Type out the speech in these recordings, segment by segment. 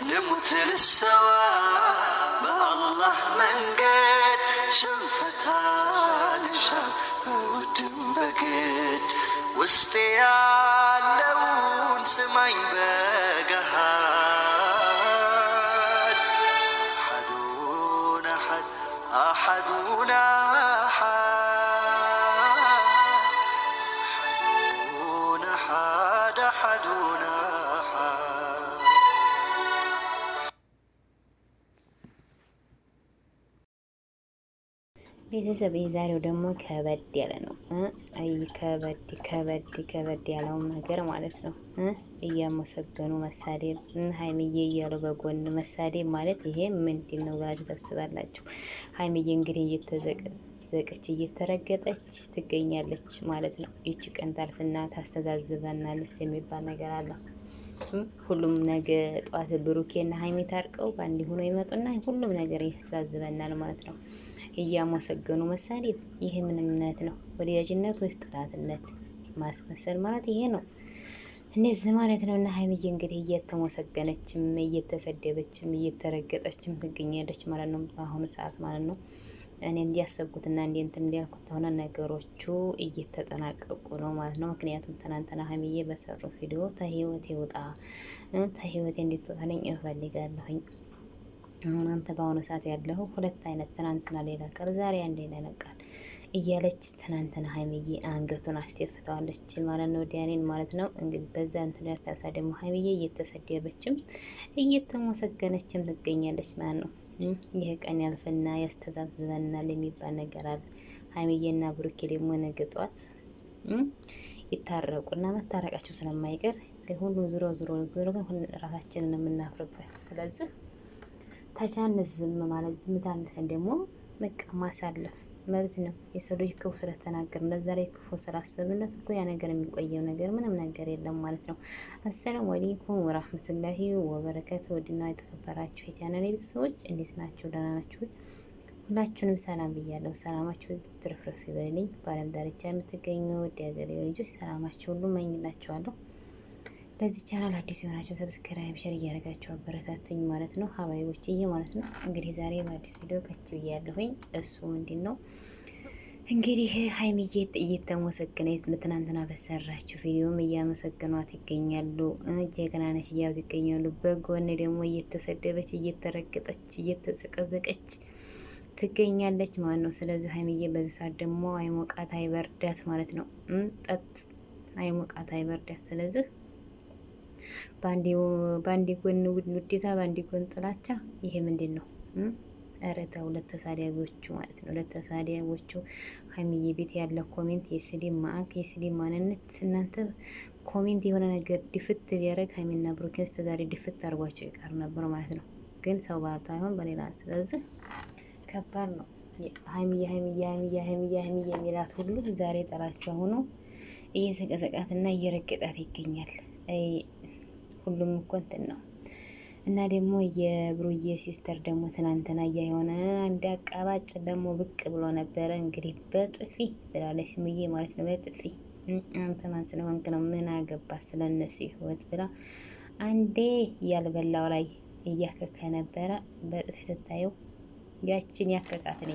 لمت للسواب الله من قد شفتها لشاف ودم بقيت وسطي يعلون سماي بقهاد حدونا أحد أحدون أحد حدونا أحد أحدون ቤተሰብ የዛሬው ደግሞ ከበድ ያለ ነው። አይ ከበድ ከበድ ከበድ ያለው ነገር ማለት ነው። እያመሰገኑ መሳደብ ሀይሚዬ እያሉ በጎን መሳደብ ማለት ይሄ ምንድን ነው ብላችሁ ታስባላችሁ። ሀይምዬ እንግዲህ እየተዘቀዘቀች እየተረገጠች ትገኛለች ማለት ነው። ይቺ ቀን ታልፍና ታስተዛዝበናለች የሚባል ነገር አለ። ሁሉም ነገ ጠዋት ብሩኬና ሀይሚ ታርቀው በአንድ ሆኖ ይመጡና ሁሉም ነገር ያስተዛዝበናል ማለት ነው። እያመሰገኑ ምሳሌው ይህ ምን እምነት ነው? ወዳጅነት ወይስ ጠላትነት? ማስመሰል ማለት ይሄ ነው። እነዚህ ማለት ነው። እና ሀይሚዬ እንግዲህ እየተመሰገነችም እየተሰደበችም እየተረገጠችም ትገኛለች ማለት ነው፣ በአሁኑ ሰዓት ማለት ነው። እኔ እንዲያሰብኩትና እንዲ እንትን እንዲያልኩት ተሆነ ነገሮቹ እየተጠናቀቁ ነው ማለት ነው። ምክንያቱም ትናንትና ሀይሚዬ በሰሩ ቪዲዮ ተህይወቴ ውጣ ተህይወቴ እንዲትወታለኝ እፈልጋለሁኝ አሁን አንተ በአሁኑ ሰዓት ያለው ሁለት አይነት ትናንትና ሌላ ቃል ዛሬ አንድ ሌላ ቃል እያለች ትናንትና ሀይሚዬ አንገቱን አስደፍተዋለች ማለት ነው፣ ዲያኔን ማለት ነው። እንግዲህ በዛ እንትን ያሳሳ ደግሞ ሀይሚዬ እየተሰደበችም እየተመሰገነችም ትገኛለች ማለት ነው። ይህ ቀን ያልፍና ያስተዛዝበናል የሚባል ነገር አለ። ሀይሚዬና ብሩኬ ደግሞ ነገ ጠዋት ይታረቁና መታረቃቸው ስለማይቀር ሁሉ ዝሮ ዝሮ ዝሮ ግን ራሳችንን የምናፍርበት ስለዚህ ታቻነት ዝም ማለት ዝምታነትን ደግሞ በቃ ማሳለፍ መብት ነው። የሰው ልጅ ክፉ ስለተናገር እንደዛ ላይ ክፉ ስላሰብነት እኮ ያ ነገር የሚቆየው ነገር ምንም ነገር የለም ማለት ነው። አሰላሙ አለይኩም ወራህመቱላሂ ወበረከቱ። ውድና የተከበራችሁ የቻናል ቤተሰቦች እንዴት ናችሁ? ደህና ናችሁ? ሁላችሁንም ሰላም ብያለሁ። ሰላማችሁ ትርፍርፍ ይበልልኝ። በዓለም ዳርቻ የምትገኙ ውድ ሀገሬ ልጆች ሰላማችሁ ሁሉ መኝላችኋለሁ። በዚህ ቻናል አዲስ የሆናቸው ሰብስክራይብ፣ ሸር እያደረጋቸው አበረታትኝ ማለት ነው። ሀባይቦችዬ ማለት ነው። እንግዲህ ዛሬ በአዲስ ቪዲዮ ከች ብያለሁኝ። እሱ ምንድን ነው እንግዲህ ሀይሚዬ ጥይት ተመሰግነት ትናንትና በሰራችሁ ቪዲዮም እያመሰገኗት ይገኛሉ። ጀግና ነሽ እያሉ ይገኛሉ። በጎን ደግሞ እየተሰደበች እየተረገጠች እየተዘቀዘቀች ትገኛለች ማለት ነው። ስለዚህ ሀይሚዬ በዚህ ሰዓት ደግሞ አይሞቃት አይበርዳት ማለት ነው። ጠጥ አይሞቃት አይበርዳት። ስለዚህ በአንድ ጎን ውዴታ፣ በአንድ ጎን ጥላቻ። ይሄ ምንድን ነው? ኧረ ሁለት ለተሳዳቢዎቹ ማለት ነው ለተሳዳቢዎቹ። ሀይሚዬ ቤት ያለ ኮሜንት የስዲ ማአክ የስዲ ማንነት እናንተ ኮሜንት የሆነ ነገር ድፍት ቢያደረግ ሀይሚና ብሩኬን እስከ ዛሬ ድፍት አድርጓቸው ይቀር ነበር ማለት ነው። ግን ሰው ባታ አይሆን በሌላ ስለዚህ ከባድ ነው። ሀይሚዬ ሀይሚዬ ሀይሚዬ ሀይሚዬ ሀይሚዬ የሚላት ሁሉ ዛሬ ጠላቸው ሆኖ እየሰቀሰቃትና እየረገጣት ይገኛል። ሁሉም እኮ እንትን ነው። እና ደግሞ የብሩዬ ሲስተር ደግሞ ትናንትና እያ የሆነ አንድ አቀባጭ ደግሞ ብቅ ብሎ ነበረ። እንግዲህ በጥፊ ብላለች ስምዬ ማለት ነው። በጥፊ አንተ ማን ስለሆንክ ነው ምን አገባ ስለነሱ ህይወት ብላ አንዴ ያልበላው ላይ እያከከ ነበረ። በጥፊ ስታየው ያችን ያከካትን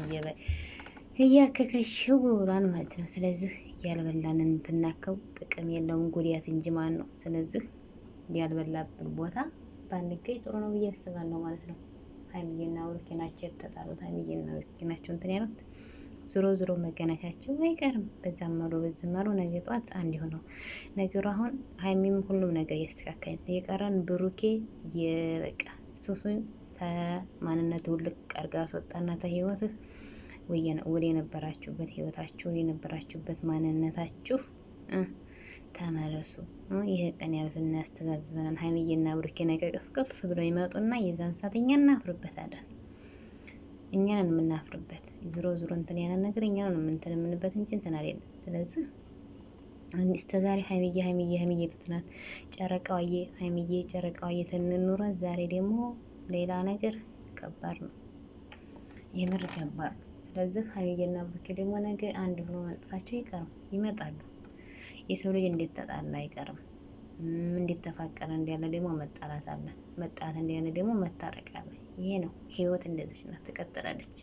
እያከከሽው ብሏን ማለት ነው። ስለዚህ ያልበላንን ብናከው ጥቅም የለውም ጉዳት እንጂ ማን ነው። ስለዚህ ያልበላብን ቦታ ባንገኝ ጥሩ ነው ብዬ አስባለሁ ማለት ነው። ሀይሚዬና ብሩኬ ናቸው የተጣሉት። ሀይሚዬና ብሩኬ ናቸው እንትን ያሉት። ዞሮ ዞሮ መገናኛቸው አይቀርም። በዛም አሉ በዚህም አሉ። ነገ ጠዋት አንድ ሆነው ነገሩ አሁን ሀይሚም ሁሉም ነገር እያስተካከል የቀረን ብሩኬ የበቃ ሱሱን ተማንነት ውልቅ አርጋ አስወጣና ተህይወትህ ወደ የነበራችሁበት ህይወታችሁ የነበራችሁበት ማንነታችሁ ተመለሱ። ይህ ቀን ያልፍና ያስተዛዝበናል። ሀይሚዬና ብሩኬ ነገ ቅፍቅፍ ብለው ይመጡና የዛን ሰዓት እኛ እናፍርበታለን። እኛን የምናፍርበት ዝሮ ዝሮ እንትን ያለ ነገር እኛ ነው የምንትን የምንበት እንጂ እንትን አይደለም። ስለዚህ እስከ ዛሬ ሀይሚዬ ሀይሚዬ ሀይሚዬ ትትናት ጨረቃዬ ሀይሚዬ ጨረቃዬ ትንኑረ ዛሬ ደግሞ ሌላ ነገር ከባድ ነው፣ የምር ከባድ። ስለዚህ ሀይሚዬና ብሩኬ ደግሞ ነገ አንድ ብሎ መምጣታቸው ይቀርም ይመጣሉ። የሰው ልጅ እንዴት ተጣላ አይቀርም። እንዴት ተፋቀረ እንዲያለ ደግሞ መጣላት አለ፣ መጣላት እንዲያለ ደግሞ መታረቅ አለ። ይሄ ነው ህይወት። እንደዚች ናት፣ ትቀጥላለች።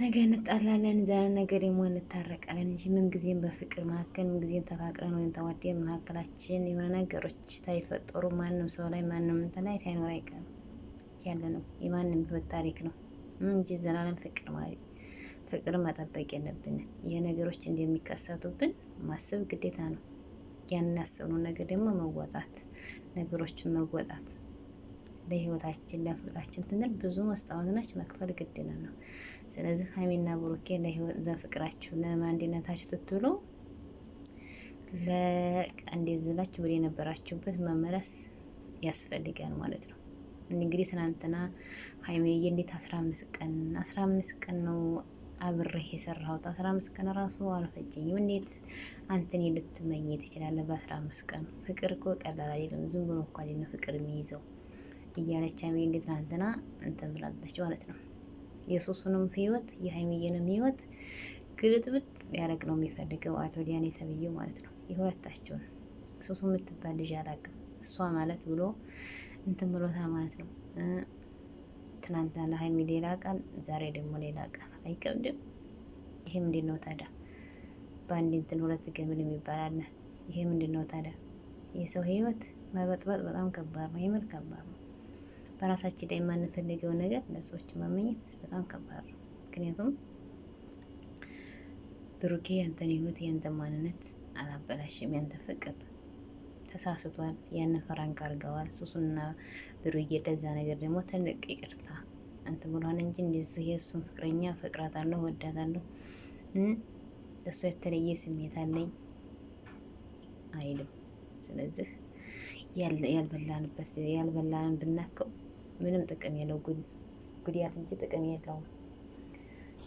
ነገ እንጣላለን፣ ዛ ነገ ደግሞ እንታረቃለን እንጂ ምንጊዜም በፍቅር መካከል ምንጊዜም ተፋቅረን ወይም ተዋደን መካከላችን የሆነ ነገሮች ታይፈጠሩ ማንም ሰው ላይ ማንም እንትን ታይኖር አይቀርም። ያለ ነው የማንም ህይወት ታሪክ ነው እንጂ ዘላለም ፍቅር ማለት ፍቅር መጠበቅ የለብንም። የነገሮች ነገሮች እንደሚከሰቱብን ማሰብ ግዴታ ነው። ያንን ያሰብነው ነገር ደግሞ መወጣት፣ ነገሮችን መወጣት ለህይወታችን ለፍቅራችን ትንል ብዙ መስታወትናች መክፈል ግድን ነው። ስለዚህ ሀይሜና ብሩኬ ለፍቅራችሁ ለአንድነታችሁ ትትሉ ለእንደዝላችሁ ወደ የነበራችሁበት መመለስ ያስፈልጋል ማለት ነው። እንግዲህ ትናንትና ሀይሜዬ እንዴት አስራ አምስት ቀን አስራ አምስት ቀን ነው አብሬህ የሰራሁት አስራ አምስት ቀን ራሱ አልፈጀኝም። እንዴት አንተን ልትመኝ ትችላለህ? በአስራ አምስት ቀን ፍቅር እኮ ቀላል አይደለም። ዝም ብሎ እኮ አይደለም ፍቅር የሚይዘው እያለች ሀይሚዬ እንግዲህ ትናንትና እንትን ብላለች ማለት ነው። የሶሱንም ህይወት የሀይሚዬንም ህይወት ግልጥብጥ ሊያደርግ ነው የሚፈልገው አቶ ዲያን የተብዬው ማለት ነው። የሁለታቸውን ሶሱ የምትባል ልጅ አላውቅም እሷ ማለት ብሎ እንትን ብሎታ ማለት ነው። ትናንትና ለሀይሚ ሌላ ቀን፣ ዛሬ ደግሞ ሌላ ቀን። አይከብድም? ይሄ ምንድን ነው ታዲያ? በአንድ እንትን ሁለት ገምል የሚባል አለ። ይሄ ምንድን ነው ታዲያ? የሰው ህይወት መበጥበጥ በጣም ከባድ ነው። የምር ከባድ ነው። በራሳችን ላይ የማንፈልገው ነገር ለሰዎች መመኘት በጣም ከባድ ነው። ምክንያቱም ብሩኬ ያንተን ህይወት ያንተ ማንነት አላበላሽም። ያንተ ፍቅር ተሳስቷል። ያንን ፈራንክ አድርገዋል። ሱሱና ብሩዬ ለዛ ነገር ደግሞ ትልቅ ይቅርታ አንተ ብሏል እንጂ እንደዚህ የእሱን ፍቅረኛ ፈቅራታለሁ፣ ወዳታለሁ፣ እሱ የተለየ ስሜት አለኝ አይልም። ስለዚህ ያልበላንበት ያልበላንን ብናከው ምንም ጥቅም የለው ጉዳት እንጂ ጥቅም የለውም።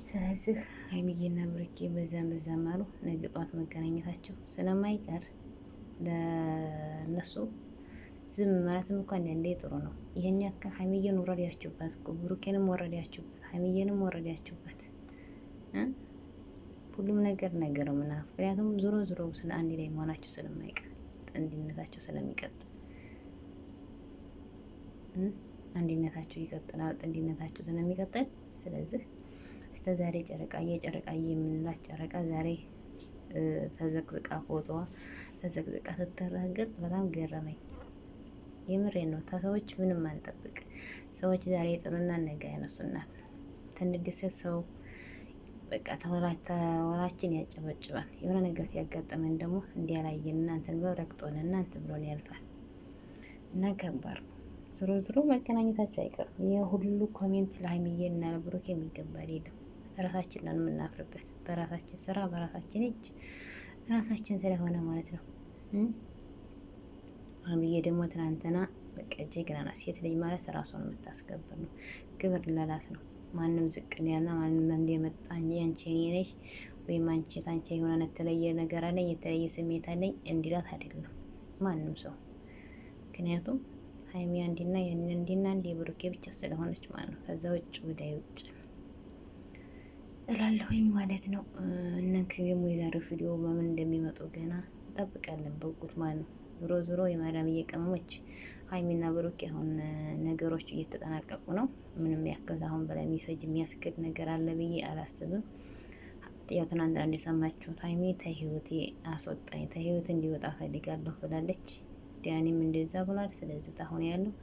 ስለዚህ ሀይሚዬና ብሩኬ በዛም በዛም አሉ ነገ ጧት መገናኘታቸው ስለማይቀር ለነሱ። ዝም ማለትም እኮ አንዳንዴ ጥሩ ነው። ይህን ያክል ሀይሚዬን ወረዳያችሁበት፣ ብሩኬንም ወረዳያችሁበት፣ ሀይሚዬንም ወረዳያችሁበት። ሁሉም ነገር ነገር ምና ምክንያቱም ዞሮ ዞሮ ስለ አንድ ላይ መሆናቸው ስለማይቀር አንድነታቸው ስለሚቀጥል አንድነታቸው ይቀጥላል፣ ጥንድነታቸው ስለሚቀጥል ስለዚህ እስከ ዛሬ ጨረቃዬ ጨረቃዬ የምንላት ጨረቃ ዛሬ ተዘቅዝቃ ፎቶዋ ተዘቅዝቃ ስትረገጥ በጣም ገረመኝ። የምሬ ነው። ሰዎች ምንም አንጠብቅ። ሰዎች ዛሬ ጥሩና ነገ ያነሱናል። ተንደሰት ሰው በቃ ተወራችን ያጨበጭባል። የሆነ ነገር ያጋጠመ ደግሞ እንዲያላየን እናንተን ብሎ ረግጦን እናንተ ብሎን ያልፋል እና ከባድ ዝሮ ዝሮ መገናኘታቸው አይቀርም። ይህ ሁሉ ኮሜንት ለሀይሚዬ እና ለብሩክ የሚገባል የለም። ራሳችን ነን የምናፍርበት በራሳችን ስራ በራሳችን እጅ ራሳችን ስለሆነ ማለት ነው። ማሚዬ ደግሞ ትናንትና በቃ ጀግና ናት። ሴት ልጅ ማለት ራሷን የምታስከብር ነው። ክብር ለላት ነው። ማንም ዝቅ ያና ማንም እንዲመጣ እንጂ አንቺ የኔ ነሽ ወይም አንቺ ታንቺ የሆነ የተለየ ነገር አለኝ የተለየ ስሜት አለኝ እንዲላት አይደለም ማንም ሰው ምክንያቱም ሀይሚ አንዲና ያንን እንዲና እንዲ ብሩኬ ብቻ ስለሆነች ማለት ነው። ከዛ ውጭ ወዳይ ውጭ እላለሁኝ ማለት ነው። እነንክ ደግሞ የዛሬው ቪዲዮ በምን እንደሚመጡ ገና እንጠብቃለን በጉት ማለት ነው። ዞሮ ዞሮ የማዳም ቅመሞች ሀይሚና ብሩክ አሁን ነገሮች እየተጠናቀቁ ነው። ምንም ያክል አሁን በላይ የሚፈጅ የሚያስክድ ነገር አለ ብዬ አላስብም። ያው ትናንትና የሰማችሁት ሀይሚ ተህይወቴ አስወጣኝ፣ ተህይወት እንዲወጣ ፈልጋለሁ ብላለች። ዲያኔም እንደዛ ብሏል። ስለዚህ አሁን ያለው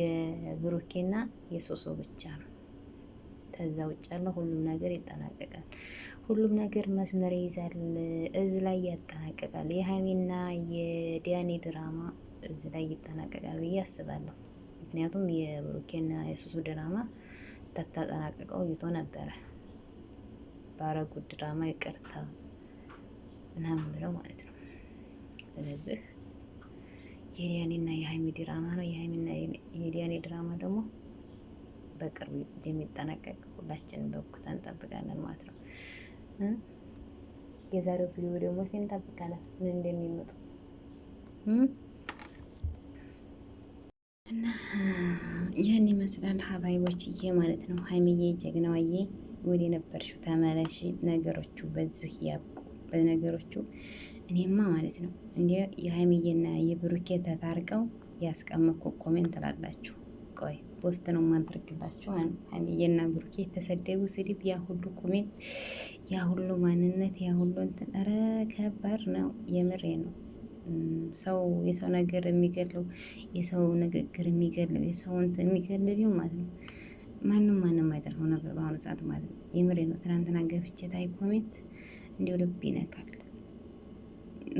የብሩኬና የሶሶ ብቻ ነው። ከዛ ውጭ ያለው ሁሉም ነገር ይጠናቀቃል። ሁሉም ነገር መስመር ይይዛል። እዚ ላይ ያጠናቀቃል። የሀይሚና የዲያኔ ድራማ እዚ ላይ ይጠናቀቃል ብዬ አስባለሁ። ምክንያቱም የብሩኬና የሱሱ ድራማ ተታጠናቀቀው ይቶ ነበረ ባረጉ ድራማ ይቅርታ ምናምን ብለው ማለት ነው። ስለዚህ የዲያኔና የሀይሚ ድራማ ነው። የሀይሚና የዲያኔ ድራማ ደግሞ በቅርብ የሚጠናቀቅ ሁላችን በጉጉት እንጠብቃለን ማለት ነው። የዛሬው ቪዲዮ ደግሞ እንጠብቃለን ምን እንደሚመጡ እና ይህን ይመስላል ሀባይቦችዬ ማለት ነው። ሀይሚዬ ጀግናዋዬ ወደ ነበርሽው ተመለሽ። ነገሮቹ በዚህ ያብቁ። በነገሮቹ እኔማ ማለት ነው እንዲ የሀይሚዬና የብሩኬ ተታርቀው ያስቀመኩ ኮሜንት ላላችሁ ቆይ ፖስት ነው ማድረግላችሁ። ሀይሚዬና ብሩኬ የተሰደቡ ስድብ፣ ያ ሁሉ ኮሜንት፣ ያ ሁሉ ማንነት፣ ያ ሁሉ እንትን፣ ኧረ ከባድ ነው። የምሬ ነው። ሰው የሰው ነገር የሚገለው የሰው ንግግር የሚገለው የሰው እንትን የሚገድል ማለት ነው ማንም ማንም አይጠርፈው ነበር በአሁኑ ሰዓት ማለት ነው። የምሬ ነው። ትናንትና ገፍቼ ታይ ኮሜት እንዲሁ ልብ ይነካል።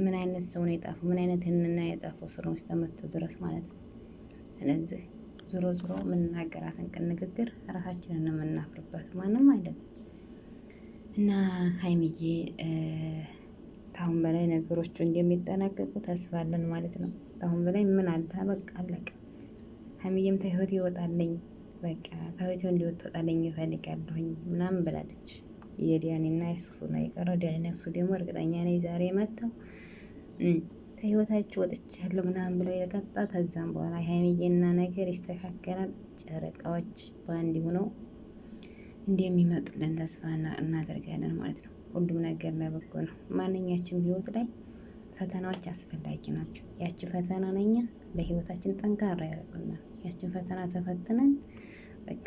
ምን አይነት ሰው ነው የጣፈው? ምን አይነት ህንና የጣፈው ስሩን እስከመቶ ድረስ ማለት ነው። ስለዚህ ዞሮ ዞሮ የምንናገራትን ቅን ንግግር ራሳችንን የምናፍርበት ማንም አይደለም። እና ሀይሚዬ ታሁን በላይ ነገሮቹ እንደሚጠናቀቁ ተስፋ ማለት ነው። ታሁን በላይ ምን አልታ በቃ አለቀ። ሀይሚዬም ተህይወት ይወጣለኝ በቃ ተህይወት እንዲወጥ ወጣለኝ ይፈልጋለሁኝ ምናምን ብላለች። የዲያኔና የሱሱ ነው የቀረው። ዲያኔና የሱሱ ደግሞ እርግጠኛ ነኝ ዛሬ መጥተው ከህይወታችሁ ወጥቻለሁ ምናምን ብለው የቀጣ ተዛም በኋላ ሀይሚዬና ነገር ይስተካከላል። ጨረቃዎች በአንድ ሆነው እንደሚመጡልን ተስፋ እናደርጋለን ማለት ነው። ሁሉም ነገር ለበጎ ነው። ማንኛችን ህይወት ላይ ፈተናዎች አስፈላጊ ናቸው። ያቺ ፈተና ነኛ ለህይወታችን ጠንካራ ያደርጉናል። ያችን ፈተና ተፈትነን በቃ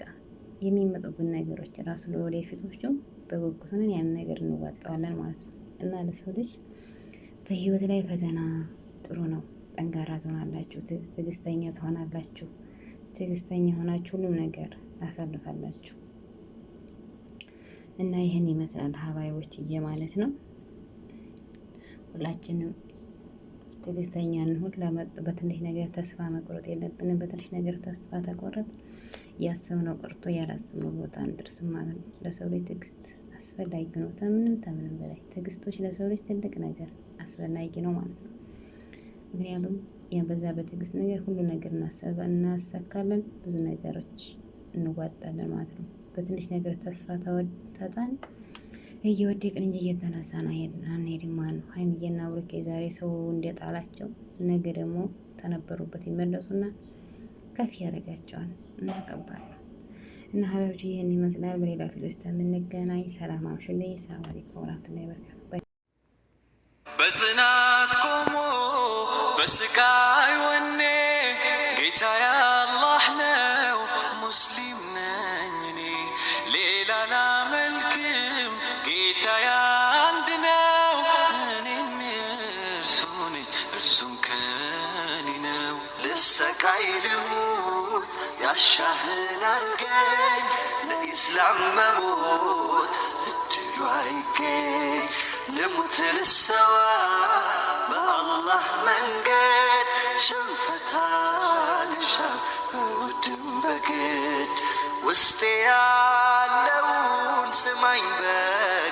የሚመጡብን ነገሮች ራሱ ለወደፊቶቹ በጉጉት ሆነን ያን ነገር እንዋጠዋለን ማለት ነው እና ለሰው ልጅ በህይወት ላይ ፈተና ጥሩ ነው። ጠንካራ ትሆናላችሁ፣ ትዕግስተኛ ትሆናላችሁ። ትዕግስተኛ ሆናችሁ ሁሉም ነገር ታሳልፋላችሁ እና ይህን ይመስላል ሀባይዎችዬ ማለት ነው። ሁላችንም ትዕግስተኛ እንሁን። በትንሽ ነገር ተስፋ መቁረጥ የለብንም። በትንሽ ነገር ተስፋ ተቆረጥ ያሰብነው ቀርቶ ያላሰብነው ቦታ አንደርስም ማለት ነው። ለሰው ልጅ ትዕግስት አስፈላጊ ነው። ከምንም ከምንም በላይ ትዕግስቶች ለሰው ልጅ ትልቅ ነገር አስፈላጊ ነው ማለት ነው። ምክንያቱም ያ በዛ በትዕግስት ነገር ሁሉ ነገር እናሳካለን፣ ብዙ ነገሮች እንዋጣለን ማለት ነው። በትንሽ ነገር ተስፋ ታጣን እየወደቅን እንጂ እየተነሳን አንሄድም ማለት ነው። ሀይሚዬና ብሩኬ የዛሬ ሰው እንደጣላቸው ነገ ደግሞ ተነበሩበት ይመለሱና ከፍ ያደርጋቸዋል እናቀባል እና ሀገሮች ይህን ይመስላል። በሌላ ፊልም ውስጥ የምንገናኝ ሰላም አምሽልኝ። ሰላም አለይኩም ወራህመቱላሂ ወበረካቱ سكاي وني قيتا يا الله احنا مسلم ناني ليلى لا ملكم قيتا يا عندنا اني مرسوني ارسون كاننا لسكاي قايلهوت يا الشهر ارقين لإسلام مموت تجوعي كيف نموت للسوا ما الله من قد شفت عالشا ودمكت وسطي على لون سماي بك